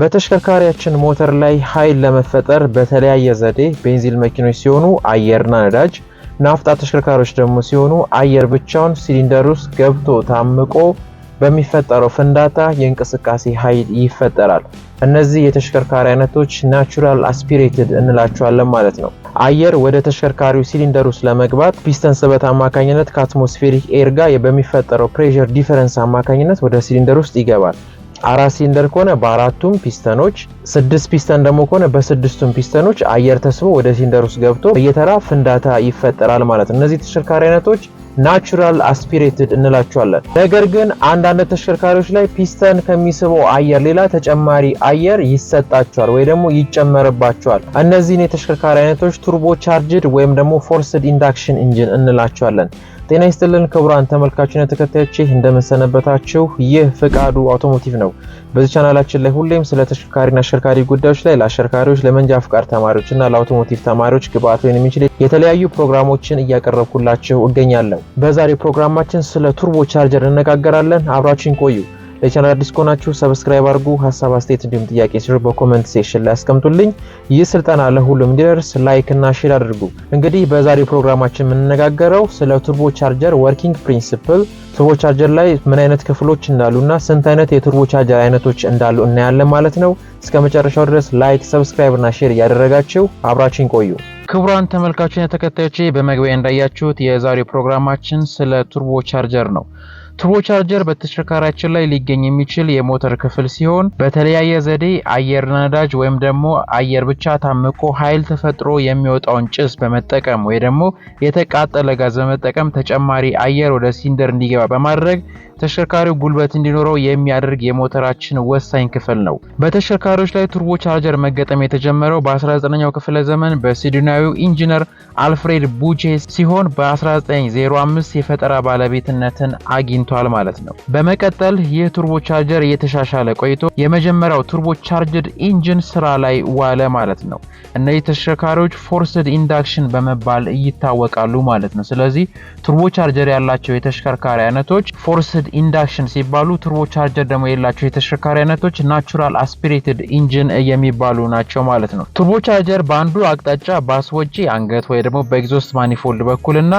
በተሽከርካሪያችን ሞተር ላይ ኃይል ለመፈጠር በተለያየ ዘዴ ቤንዚል መኪኖች ሲሆኑ አየርና ነዳጅ፣ ናፍጣ ተሽከርካሪዎች ደግሞ ሲሆኑ አየር ብቻውን ሲሊንደር ውስጥ ገብቶ ታምቆ በሚፈጠረው ፍንዳታ የእንቅስቃሴ ኃይል ይፈጠራል። እነዚህ የተሽከርካሪ አይነቶች ናቹራል አስፒሬትድ እንላቸዋለን ማለት ነው። አየር ወደ ተሽከርካሪው ሲሊንደር ውስጥ ለመግባት ፒስተን ስበት አማካኝነት ከአትሞስፌሪክ ኤር ጋር በሚፈጠረው ፕሬር ዲፈረንስ አማካኝነት ወደ ሲሊንደር ውስጥ ይገባል። አራት ሲሊንደር ከሆነ በአራቱም ፒስተኖች፣ ስድስት ፒስተን ደግሞ ከሆነ በስድስቱም ፒስተኖች አየር ተስቦ ወደ ሲሊንደር ውስጥ ገብቶ በየተራ ፍንዳታ ይፈጠራል ማለት ነው። እነዚህ ተሽከርካሪ አይነቶች ናቹራል አስፒሬትድ እንላቸዋለን። ነገር ግን አንዳንድ ተሽከርካሪዎች ላይ ፒስተን ከሚስበው አየር ሌላ ተጨማሪ አየር ይሰጣቸዋል ወይ ደግሞ ይጨመርባቸዋል። እነዚህን የተሽከርካሪ አይነቶች ቱርቦ ቻርጅድ ወይም ደግሞ ፎርስድ ኢንዳክሽን ኢንጂን እንላቸዋለን። ጤና ይስጥልን ክቡራን ተመልካችና ተከታዮች እንደምንሰነበታችሁ። ይህ ፍቃዱ አውቶሞቲቭ ነው። በዚህ ቻናላችን ላይ ሁሌም ስለ ተሽከርካሪና አሽከርካሪ ጉዳዮች ላይ ለአሽከርካሪዎች፣ ለመንጃ ፍቃድ ተማሪዎችና ለአውቶሞቲቭ ተማሪዎች ግብአት ሊሆን የሚችል የተለያዩ ፕሮግራሞችን እያቀረብኩላችሁ እገኛለሁ። በዛሬው ፕሮግራማችን ስለ ቱርቦ ቻርጀር እንነጋገራለን። አብራችን ቆዩ። ለቻናል አዲስ ከሆናችሁ ሰብስክራይብ አድርጉ። ሀሳብ አስተያየት፣ እንዲሁም ጥያቄ ሲኖር በኮመንት ሴክሽን ላይ አስቀምጡልኝ። ይህ ስልጠና ለሁሉም እንዲደርስ ላይክ እና ሼር አድርጉ። እንግዲህ በዛሬው ፕሮግራማችን የምንነጋገረው ስለ ቱርቦ ቻርጀር ወርኪንግ ፕሪንሲፕል፣ ቱርቦ ቻርጀር ላይ ምን አይነት ክፍሎች እንዳሉና ስንት አይነት የቱርቦ ቻርጀር አይነቶች እንዳሉ እናያለን ማለት ነው። እስከ መጨረሻው ድረስ ላይክ፣ ሰብስክራይብ እና ሼር እያደረጋችሁ አብራችን ቆዩ። ክቡራን ተመልካቾችና ተከታዮቼ በመግቢያ እንዳያችሁት የዛሬው ፕሮግራማችን ስለ ቱርቦ ቻርጀር ነው። ቻርጀር በተሽከርካሪያችን ላይ ሊገኝ የሚችል የሞተር ክፍል ሲሆን በተለያየ ዘዴ አየር ነዳጅ ወይም ደግሞ አየር ብቻ ታምቆ ኃይል ተፈጥሮ የሚወጣውን ጭስ በመጠቀም ወይ ደግሞ የተቃጠለ ጋዝ በመጠቀም ተጨማሪ አየር ወደ ሲንደር እንዲገባ በማድረግ ተሽከርካሪው ጉልበት እንዲኖረው የሚያደርግ የሞተራችን ወሳኝ ክፍል ነው። በተሽከርካሪዎች ላይ ቱርቦ ቻርጀር መገጠም የተጀመረው በ19ኛው ክፍለ ዘመን በሲድናዊው ኢንጂነር አልፍሬድ ቡቼ ሲሆን በ1905 የፈጠራ ባለቤትነትን አግኝቷል ማለት ነው። በመቀጠል ይህ ቱርቦ ቻርጀር እየተሻሻለ ቆይቶ የመጀመሪያው ቱርቦ ቻርጀድ ኢንጂን ስራ ላይ ዋለ ማለት ነው። እነዚህ ተሽከርካሪዎች ፎርስድ ኢንዳክሽን በመባል ይታወቃሉ ማለት ነው። ስለዚህ ቱርቦ ቻርጀር ያላቸው የተሽከርካሪ አይነቶች ፎርስ ስፒሪትድ ኢንዳክሽን ሲባሉ ቱርቦ ቻርጀር ደግሞ የሌላቸው የተሽከርካሪ አይነቶች ናቹራል አስፒሬትድ ኢንጂን የሚባሉ ናቸው ማለት ነው። ቱርቦ ቻርጀር በአንዱ አቅጣጫ በአስወጪ አንገት ወይ ደግሞ በኤግዞስት ማኒፎልድ በኩልና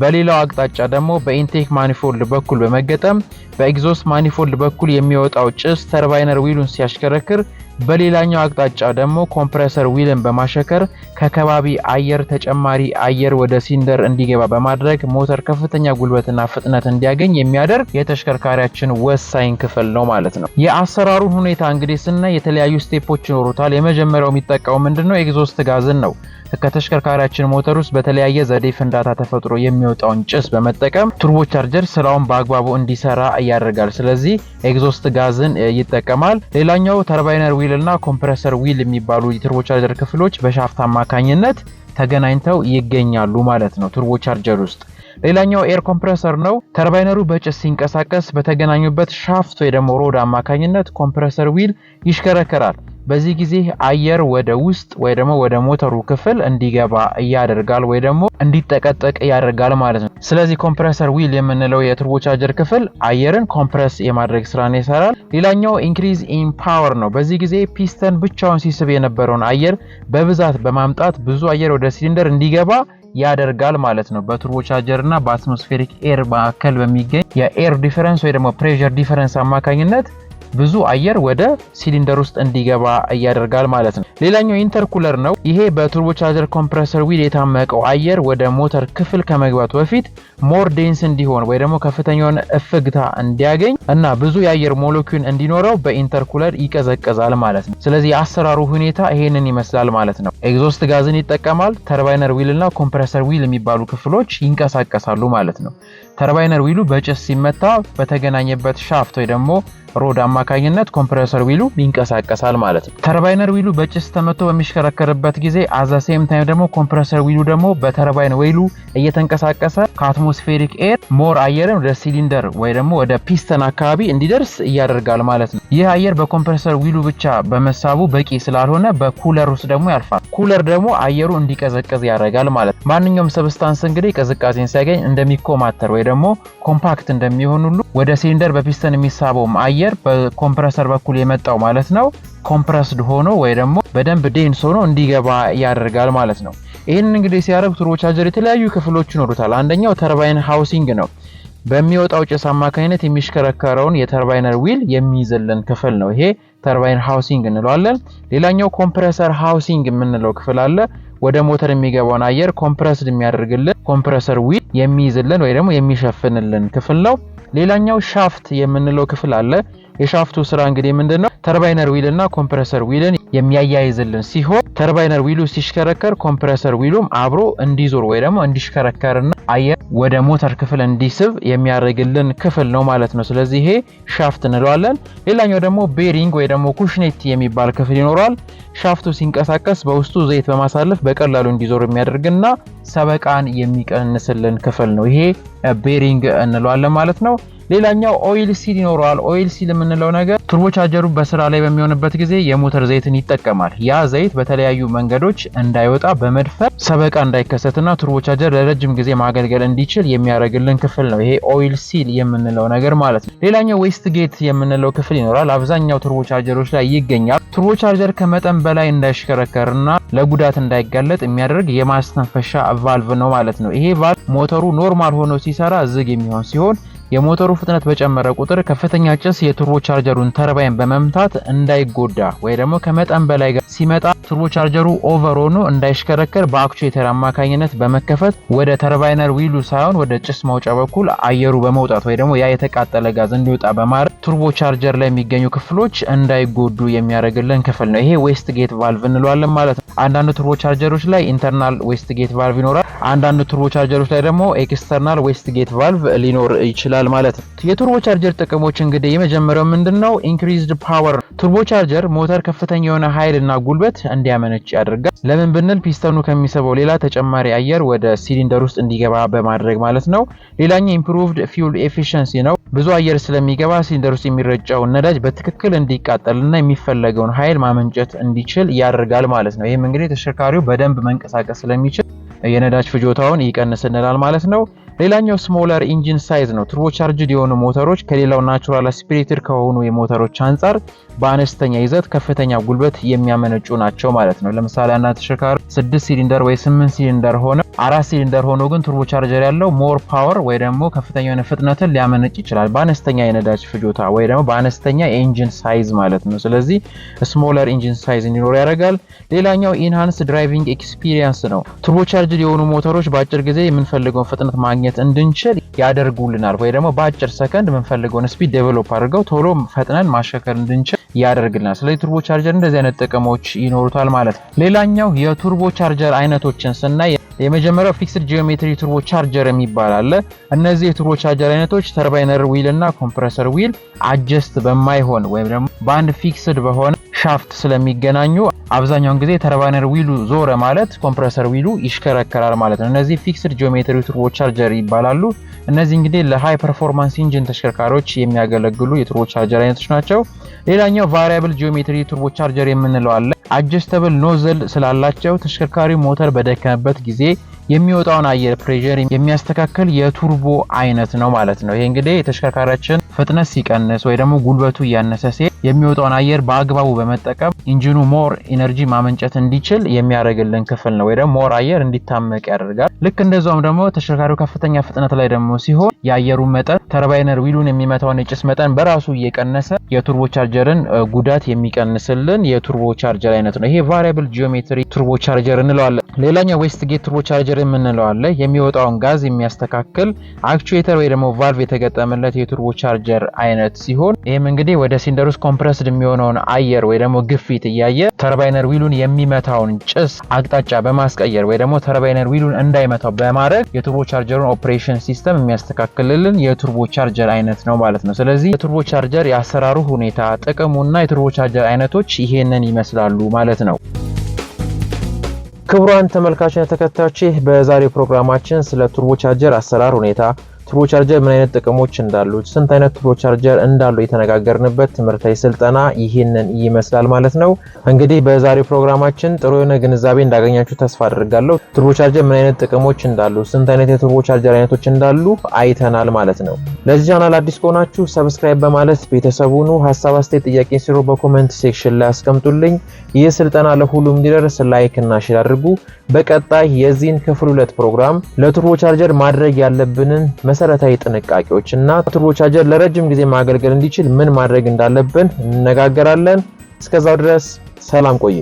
በሌላው አቅጣጫ ደግሞ በኢንቴክ ማኒፎልድ በኩል በመገጠም በኤግዞስት ማኒፎልድ በኩል የሚወጣው ጭስ ተርባይነር ዊሉን ሲያሽከረክር፣ በሌላኛው አቅጣጫ ደግሞ ኮምፕሬሰር ዊልን በማሸከር ከከባቢ አየር ተጨማሪ አየር ወደ ሲንደር እንዲገባ በማድረግ ሞተር ከፍተኛ ጉልበትና ፍጥነት እንዲያገኝ የሚያደርግ የተሽከርካሪያችን ወሳኝ ክፍል ነው ማለት ነው። የአሰራሩን ሁኔታ እንግዲህ ስናይ የተለያዩ ስቴፖች ይኖሩታል። የመጀመሪያው የሚጠቀው ምንድነው ኤግዞስት ጋዝን ነው። ከተሽከርካሪያችን ሞተር ውስጥ በተለያየ ዘዴ ፍንዳታ ተፈጥሮ የሚወጣውን ጭስ በመጠቀም ቱርቦ ቻርጀር ስራውን በአግባቡ እንዲሰራ ያደርጋል። ስለዚህ ኤግዞስት ጋዝን ይጠቀማል። ሌላኛው ተርባይነር ዊል እና ኮምፕረሰር ዊል የሚባሉ የቱርቦ ቻርጀር ክፍሎች በሻፍት አማካኝነት ተገናኝተው ይገኛሉ ማለት ነው ቱርቦ ቻርጀር ውስጥ። ሌላኛው ኤር ኮምፕረሰር ነው። ተርባይነሩ በጭስ ሲንቀሳቀስ በተገናኙበት ሻፍት ወይ ደግሞ ሮድ አማካኝነት ኮምፕረሰር ዊል ይሽከረከራል። በዚህ ጊዜ አየር ወደ ውስጥ ወይ ደግሞ ወደ ሞተሩ ክፍል እንዲገባ እያደርጋል ወይ ደግሞ እንዲጠቀጠቅ ያደርጋል ማለት ነው። ስለዚህ ኮምፕረሰር ዊል የምንለው ቻርጀር ክፍል አየርን ኮምፕረስ የማድረግ ስራን ይሰራል። ሌላኛው ኢንክሪዝ ኢን ፓወር ነው። በዚህ ጊዜ ፒስተን ብቻውን ሲስብ የነበረውን አየር በብዛት በማምጣት ብዙ አየር ወደ ሲሊንደር እንዲገባ ያደርጋል ማለት ነው። በቱርቦቻርጀር እና በአትሞስፌሪክ ኤር መካከል በሚገኝ የኤር ዲፈረንስ ወይ ደግሞ ፕሬዠር ዲፈረንስ አማካኝነት ብዙ አየር ወደ ሲሊንደር ውስጥ እንዲገባ ያደርጋል ማለት ነው። ሌላኛው ኢንተርኩለር ነው። ይሄ በቱርቦቻርጀር ኮምፕረሰር ዊል የታመቀው አየር ወደ ሞተር ክፍል ከመግባቱ በፊት ሞር ዴንስ እንዲሆን ወይ ደግሞ ከፍተኛውን እፍግታ እንዲያገኝ እና ብዙ የአየር ሞለኪዩል እንዲኖረው በኢንተርኩለር ይቀዘቀዛል ማለት ነው። ስለዚህ የአሰራሩ ሁኔታ ይሄንን ይመስላል ማለት ነው። ኤግዞስት ጋዝን ይጠቀማል። ተርባይነር ዊል እና ኮምፕረሰር ዊል የሚባሉ ክፍሎች ይንቀሳቀሳሉ ማለት ነው። ተርባይነር ዊሉ በጭስ ሲመታ በተገናኘበት ሻፍት ወይ ደግሞ ሮድ አማካኝነት ኮምፕሬሰር ዊሉ ይንቀሳቀሳል ማለት ነው። ተርባይነር ዊሉ በጭስ ተመቶ በሚሽከረከርበት ጊዜ አዘሴም ታይም ደግሞ ኮምፕሬሰር ዊሉ ደግሞ በተርባይን ዊሉ እየተንቀሳቀሰ ከአትሞስፌሪክ ኤር ሞር አየርን ወደ ሲሊንደር ወይ ደግሞ ወደ ፒስተን አካባቢ እንዲደርስ እያደርጋል ማለት ነው። ይህ አየር በኮምፕሬሰር ዊሉ ብቻ በመሳቡ በቂ ስላልሆነ በኩለር ውስጥ ደግሞ ያልፋል። ኩለር ደግሞ አየሩ እንዲቀዘቀዝ ያደርጋል ማለት ነው። ማንኛውም ሰብስታንስ እንግዲህ ቅዝቃዜን ሲያገኝ እንደሚኮማተር ወይ ደግሞ ኮምፓክት እንደሚሆን ሁሉ ወደ ሲሊንደር በፒስተን የሚሳበውም አየር አየር በኮምፕረሰር በኩል የመጣው ማለት ነው ኮምፕረስድ ሆኖ ወይ ደግሞ በደንብ ዴንስ ሆኖ እንዲገባ ያደርጋል ማለት ነው። ይህን እንግዲህ ሲያደርግ ቱርቦቻርጀር የተለያዩ ክፍሎች ይኖሩታል። አንደኛው ተርባይን ሃውሲንግ ነው። በሚወጣው ጭስ አማካኝነት የሚሽከረከረውን የተርባይነር ዊል የሚይዝልን ክፍል ነው። ይሄ ተርባይን ሃውሲንግ እንለዋለን። ሌላኛው ኮምፕረሰር ሃውሲንግ የምንለው ክፍል አለ። ወደ ሞተር የሚገባውን አየር ኮምፕረስድ የሚያደርግልን ኮምፕረሰር ዊል የሚይዝልን ወይ ደግሞ የሚሸፍንልን ክፍል ነው። ሌላኛው ሻፍት የምንለው ክፍል አለ። የሻፍቱ ስራ እንግዲህ ምንድነው ተርባይነር ዊል እና ኮምፕረሰር ዊልን የሚያያይዝልን ሲሆን ተርባይነር ዊሉ ሲሽከረከር ኮምፕረሰር ዊሉም አብሮ እንዲዞር ወይ ደግሞ እንዲሽከረከርና አየር ወደ ሞተር ክፍል እንዲስብ የሚያደርግልን ክፍል ነው ማለት ነው። ስለዚህ ይሄ ሻፍት እንለዋለን። ሌላኛው ደግሞ ቤሪንግ ወይ ደግሞ ኩሽኔት የሚባል ክፍል ይኖረዋል። ሻፍቱ ሲንቀሳቀስ በውስጡ ዘይት በማሳለፍ በቀላሉ እንዲዞር የሚያደርግና ሰበቃን የሚቀንስልን ክፍል ነው። ይሄ ቤሪንግ እንለዋለን ማለት ነው። ሌላኛው ኦይል ሲል ይኖረዋል። ኦይል ሲል የምንለው ነገር ቱርቦቻርጀሩ በስራ ላይ በሚሆንበት ጊዜ የሞተር ዘይትን ይጠቀማል። ያ ዘይት በተለያዩ መንገዶች እንዳይወጣ በመድፈር ሰበቃ እንዳይከሰትና ቱርቦቻርጀር ለረጅም ጊዜ ማገልገል እንዲችል የሚያደርግልን ክፍል ነው ይሄ ኦይል ሲል የምንለው ነገር ማለት ነው። ሌላኛው ዌስት ጌት የምንለው ክፍል ይኖራል። አብዛኛው ቱርቦቻርጀሮች ላይ ይገኛል። ቱርቦቻርጀር ከመጠን በላይ እንዳይሽከረከርና ለጉዳት እንዳይጋለጥ የሚያደርግ የማስተንፈሻ ቫልቭ ነው ማለት ነው። ይሄ ቫልቭ ሞተሩ ኖርማል ሆኖ ሲሰራ ዝግ የሚሆን ሲሆን የሞተሩ ፍጥነት በጨመረ ቁጥር ከፍተኛ ጭስ የቱርቦ ቻርጀሩን ተርባይን በመምታት እንዳይጎዳ ወይ ደግሞ ከመጠን በላይ ጋር ሲመጣ ቱርቦ ቻርጀሩ ኦቨር ሆኖ እንዳይሽከረከር በአክቹዌተር አማካኝነት በመከፈት ወደ ተርባይነር ዊሉ ሳይሆን ወደ ጭስ ማውጫ በኩል አየሩ በመውጣት ወይ ደግሞ ያ የተቃጠለ ጋዝ እንዲወጣ በማድረግ ቱርቦ ቻርጀር ላይ የሚገኙ ክፍሎች እንዳይጎዱ የሚያደርግልን ክፍል ነው። ይሄ ዌስት ጌት ቫልቭ እንለዋለን ማለት ነው። አንዳንድ ቱርቦ ቻርጀሮች ላይ ኢንተርናል ዌስት ጌት ቫልቭ ይኖራል። አንዳንድ ቱርቦ ቻርጀሮች ላይ ደግሞ ኤክስተርናል ዌስት ጌት ቫልቭ ሊኖር ይችላል። ይችላል ማለት ነው። የቱርቦ ቻርጀር ጥቅሞች እንግዲህ የመጀመሪያው ምንድነው? ኢንክሪዝድ ፓወር ቱርቦ ቻርጀር ሞተር ከፍተኛ የሆነ ና ጉልበት እንዲያመነጭ ያደርጋል። ለምን ብንል ፒስተኑ ከሚስበው ሌላ ተጨማሪ አየር ወደ ሲሊንደር ውስጥ እንዲገባ በማድረግ ማለት ነው። ሌላኛው ኢምፕሩቭድ ፊውል ኤፊሽንሲ ነው። ብዙ አየር ስለሚገባ ሲሊንደር ውስጥ የሚረጨውን ነዳጅ በትክክል እንዲቃጠልና የሚፈለገውን ኃይል ማመንጨት እንዲችል ያደርጋል ማለት ነው። ይህም እንግዲህ ተሽከርካሪው በደንብ መንቀሳቀስ ስለሚችል የነዳጅ ፍጆታውን ይቀንስልናል ማለት ነው። ሌላኛው ስሞለር ኢንጂን ሳይዝ ነው። ቻርጅድ የሆኑ ሞተሮች ከሌላው ናቹራል አስፒሬትድ ከሆኑ የሞተሮች አንጻር በአነስተኛ ይዘት ከፍተኛ ጉልበት የሚያመነጩ ናቸው ማለት ነው። ለምሳሌ አንድ ተሽከርካሪ ስድስት ሲሊንደር ወይ ስምንት ሲሊንደር ሆነ አራት ሲሊንደር ሆኖ ግን ቻርጀር ያለው ሞር ፓወር ወይ ደግሞ ከፍተኛ የሆነ ፍጥነትን ሊያመነጭ ይችላል በአነስተኛ የነዳጅ ፍጆታ ወይ ደግሞ በአነስተኛ የኢንጂን ሳይዝ ማለት ነው። ስለዚህ ስሞለር ኢንጂን ሳይዝ እንዲኖር ያደርጋል። ሌላኛው ኢንሃንስ ድራይቪንግ ኤክስፒሪየንስ ነው። ቻርጅድ የሆኑ ሞተሮች በአጭር ጊዜ የምንፈልገውን ፍጥነት ማግኘት ማግኘት እንድንችል ያደርጉልናል፣ ወይ ደግሞ በአጭር ሰከንድ የምንፈልገውን ስፒድ ዴቨሎፕ አድርገው ቶሎ ፈጥነን ማሸከር እንድንችል ያደርግልናል። ስለዚህ ቱርቦ ቻርጀር እንደዚህ አይነት ጥቅሞች ይኖሩታል ማለት ነው። ሌላኛው የቱርቦ ቻርጀር አይነቶችን ስናይ የመጀመሪያው ፊክስድ ጂኦሜትሪ ቱርቦ ቻርጀር የሚባል አለ። እነዚህ የቱርቦ ቻርጀር አይነቶች ተርባይነር ዊል እና ኮምፕረሰር ዊል አጀስት በማይሆን ወይም ደግሞ በአንድ ፊክስድ በሆነ ሻፍት ስለሚገናኙ አብዛኛውን ጊዜ ተርባይነር ዊሉ ዞረ ማለት ኮምፕረሰር ዊሉ ይሽከረከራል ማለት ነው። እነዚህ ፊክስድ ጂኦሜትሪ ቱርቦ ቻርጀር ይባላሉ። እነዚህ እንግዲህ ለሃይ ፐርፎርማንስ ኢንጂን ተሽከርካሪዎች የሚያገለግሉ የቱርቦ ቻርጀር አይነቶች ናቸው። ሌላኛው ቫሪያብል ጂኦሜትሪ ቱርቦ ቻርጀር የምንለው አለ። አጀስተብል ኖዘል ስላላቸው ተሽከርካሪው ሞተር በደከመበት ጊዜ የሚወጣውን አየር ፕሬዠር የሚያስተካክል የቱርቦ አይነት ነው ማለት ነው። ይህ እንግዲህ የተሽከርካሪያችን ፍጥነት ሲቀንስ ወይ ደግሞ ጉልበቱ እያነሰ ሲሄድ የሚወጣውን አየር በአግባቡ በመጠቀም ኢንጂኑ ሞር ኢነርጂ ማመንጨት እንዲችል የሚያደርግልን ክፍል ነው፣ ወይ ደግሞ ሞር አየር እንዲታመቅ ያደርጋል። ልክ እንደዛውም ደግሞ ተሽከርካሪው ከፍተኛ ፍጥነት ላይ ደግሞ ሲሆን የአየሩ መጠን ተርባይነር ዊሉን የሚመታውን የጭስ መጠን በራሱ እየቀነሰ የቱርቦ ቻርጀርን ጉዳት የሚቀንስልን የቱርቦ ቻርጀር አይነት ነው። ይሄ ቫሪያብል ጂኦሜትሪ ቱርቦ ቻርጀር እንለዋለን። ሌላኛው ጌት ቱርቦ ቻርጀር ሲሊንደር የምንለው አለ። የሚወጣውን ጋዝ የሚያስተካክል አክቹዌተር ወይ ደግሞ ቫልቭ የተገጠመለት የቱርቦ ቻርጀር አይነት ሲሆን ይህም እንግዲህ ወደ ሲሊንደር ውስጥ ኮምፕረስድ የሚሆነውን አየር ወይ ደግሞ ግፊት እያየ ተርባይነር ዊሉን የሚመታውን ጭስ አቅጣጫ በማስቀየር ወይ ደግሞ ተርባይነር ዊሉን እንዳይመታው በማድረግ የቱርቦ ቻርጀሩን ኦፕሬሽን ሲስተም የሚያስተካክልልን የቱርቦ ቻርጀር አይነት ነው ማለት ነው። ስለዚህ የቱርቦ ቻርጀር የአሰራሩ ሁኔታ ጥቅሙና የቱርቦ ቻርጀር አይነቶች ይሄንን ይመስላሉ ማለት ነው። ክቡራን ተመልካችን ተከታዮቼ በዛሬው ፕሮግራማችን ስለ ቱርቦቻርጀር አሰራር ሁኔታ ቱርቦ ቻርጀር ምን አይነት ጥቅሞች እንዳሉት፣ ስንት አይነት ቱርቦ ቻርጀር እንዳለው የተነጋገርንበት ትምህርታዊ ስልጠና ይህንን ይመስላል ማለት ነው። እንግዲህ በዛሬው ፕሮግራማችን ጥሩ የሆነ ግንዛቤ እንዳገኛችሁ ተስፋ አድርጋለሁ። ቱርቦ ቻርጀር ምን አይነት ጥቅሞች እንዳሉ፣ ስንት አይነት የቱርቦ ቻርጀር አይነቶች እንዳሉ አይተናል ማለት ነው። ለዚህ ቻናል አዲስ ከሆናችሁ ሰብስክራይብ በማለት ቤተሰቡኑ ሀሳብ፣ አስተያየት፣ ጥያቄ ሲሮ በኮመንት ሴክሽን ላይ አስቀምጡልኝ። ይህ ስልጠና ለሁሉም እንዲደርስ ላይክ እና ሼር አድርጉ። በቀጣይ የዚህን ክፍል ሁለት ፕሮግራም ለቱርቦ ቻርጀር ማድረግ ያለብንን መሰረታዊ ጥንቃቄዎች እና ቱርቦ ለረጅም ጊዜ ማገልገል እንዲችል ምን ማድረግ እንዳለብን እንነጋገራለን። እስከዛው ድረስ ሰላም ቆዩ።